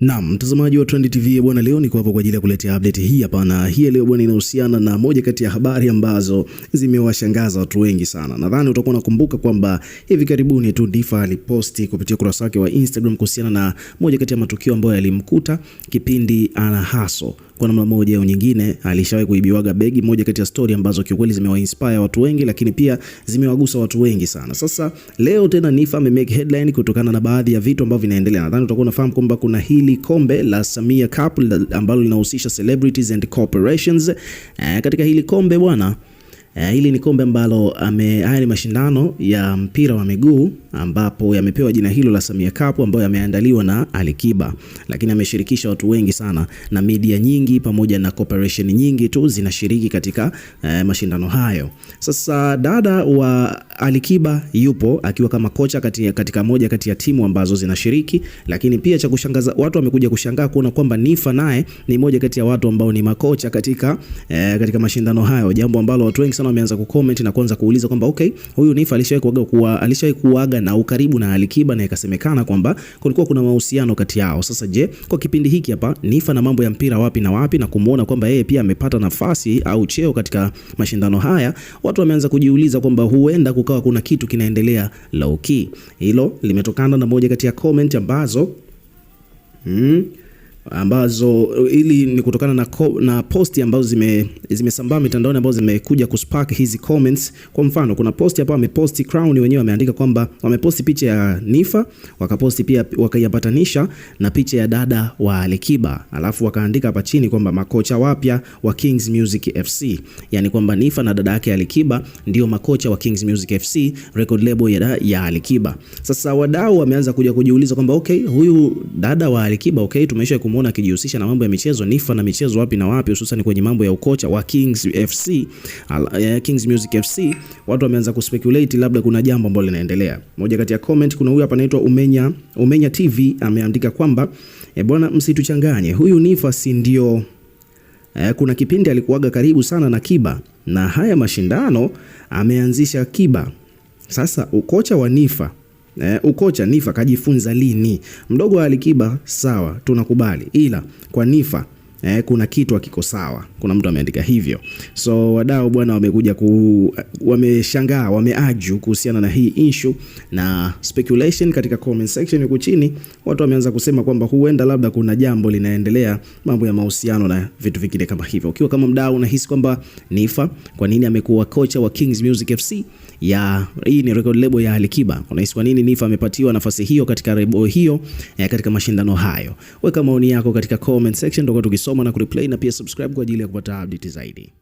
Naam, mtazamaji wa Trend TV bwana, leo niko hapo kwa ajili ya kuletea update hii hapa, na hii leo bwana, inahusiana na moja kati ya habari ambazo zimewashangaza watu wengi sana. Nadhani utakuwa unakumbuka kwamba hivi karibuni tu Difa aliposti kupitia ukurasa wake wa Instagram kuhusiana na moja kati ya matukio ambayo yalimkuta kipindi ana haso kwa namna moja au nyingine alishawahi kuibiwaga begi, moja kati ya story ambazo kiukweli zimewainspire watu wengi, lakini pia zimewagusa watu wengi sana. Sasa leo tena Niffer ame make headline kutokana na baadhi ya vitu ambavyo vinaendelea. Nadhani utakuwa unafahamu kwamba kuna hili hili kombe la Samia Cup ambalo linahusisha celebrities and corporations. Eh, katika hili kombe bwana Eh, hili ni kombe ambalo haya ni mashindano ya mpira wa miguu ambapo yamepewa jina hilo la Samia Cup ambayo yameandaliwa na Alikiba, lakini ameshirikisha watu wengi sana na media nyingi pamoja na corporation nyingi tu zinashiriki katika uh, mashindano hayo. Sasa dada wa Alikiba yupo akiwa kama kocha katika, katika moja kati ya timu ambazo zinashiriki, lakini pia cha kushangaza watu wamekuja kushangaa kuona kwamba Nifa naye ni moja kati ya watu ambao ni makocha katika, uh, katika mashindano hayo, jambo ambalo watu wengi sana wameanza kucomment na kuanza kuuliza kwamba okay, huyu Nifa alishawahi kuaga kuwa alishawahi kuaga na ukaribu na Alikiba na ikasemekana kwamba kulikuwa kuna mahusiano kati yao. Sasa je, kwa kipindi hiki hapa Nifa na mambo ya mpira wapi na wapi na kumuona kwamba yeye pia amepata nafasi au cheo katika mashindano haya, watu wameanza kujiuliza kwamba huenda kukawa kuna kitu kinaendelea low key. Hilo limetokana na moja kati ya comment ambazo hmm ambazo ili ni kutokana na, na posti ambazo zimesambaa zime mitandaoni ambazo zimekuja kuspark hizi comments. Kwa mfano kuna posti hapa ameposti Crown wenyewe wameandika kwamba wameposti picha ya Nifa wakaposti pia wakaiambatanisha na picha ya dada wa Alikiba, alafu wakaandika hapa chini kwamba makocha wapya wa Kings Music FC, yani kwamba Nifa na dada yake Alikiba ndio makocha wa Kings Music FC, record label ya, ya Alikiba. Sasa wadau wameanza kuja kujiuliza kwamba okay, huyu dada wa Alikiba okay, tumeisha kumwona tunamuona akijihusisha na mambo ya michezo, nifa na michezo wapi na wapi, hususan kwenye mambo ya ukocha wa Kings FC, eh, Kings Music FC, watu wameanza kuspeculate labda kuna jambo ambalo linaendelea. Moja kati ya comment, kuna huyu hapa anaitwa Umenya, Umenya TV ameandika kwamba e, bwana msituchanganye, huyu nifa si ndio? E, kuna kipindi alikuwaga karibu sana na Kiba na haya mashindano ameanzisha Kiba. Sasa ukocha wa nifa Eh, ukocha Nifa kajifunza lini? Mdogo wa Alikiba sawa, tunakubali, ila kwa Nifa eh, kuna kitu hakiko sawa. Kuna mtu ameandika hivyo. So wadau bwana wamekuja ku wameshangaa, wameaju kuhusiana na hii issue na speculation katika comment section huko chini, watu wameanza kusema kwamba huenda labda kuna jambo linaendelea, mambo ya mahusiano na vitu vingine kama hivyo. Ukiwa kama mdau unahisi kwamba Nifa kwa nini amekuwa kocha wa Kings Music FC ya hii ni record label ya Alikiba, unahisi kwa nini Nifa amepatiwa nafasi hiyo katika rebo hiyo eh, katika mashindano hayo? Weka maoni yako katika comment section, ndio tukisoma kusoma na kureplay na pia subscribe kwa ajili ya kupata update zaidi.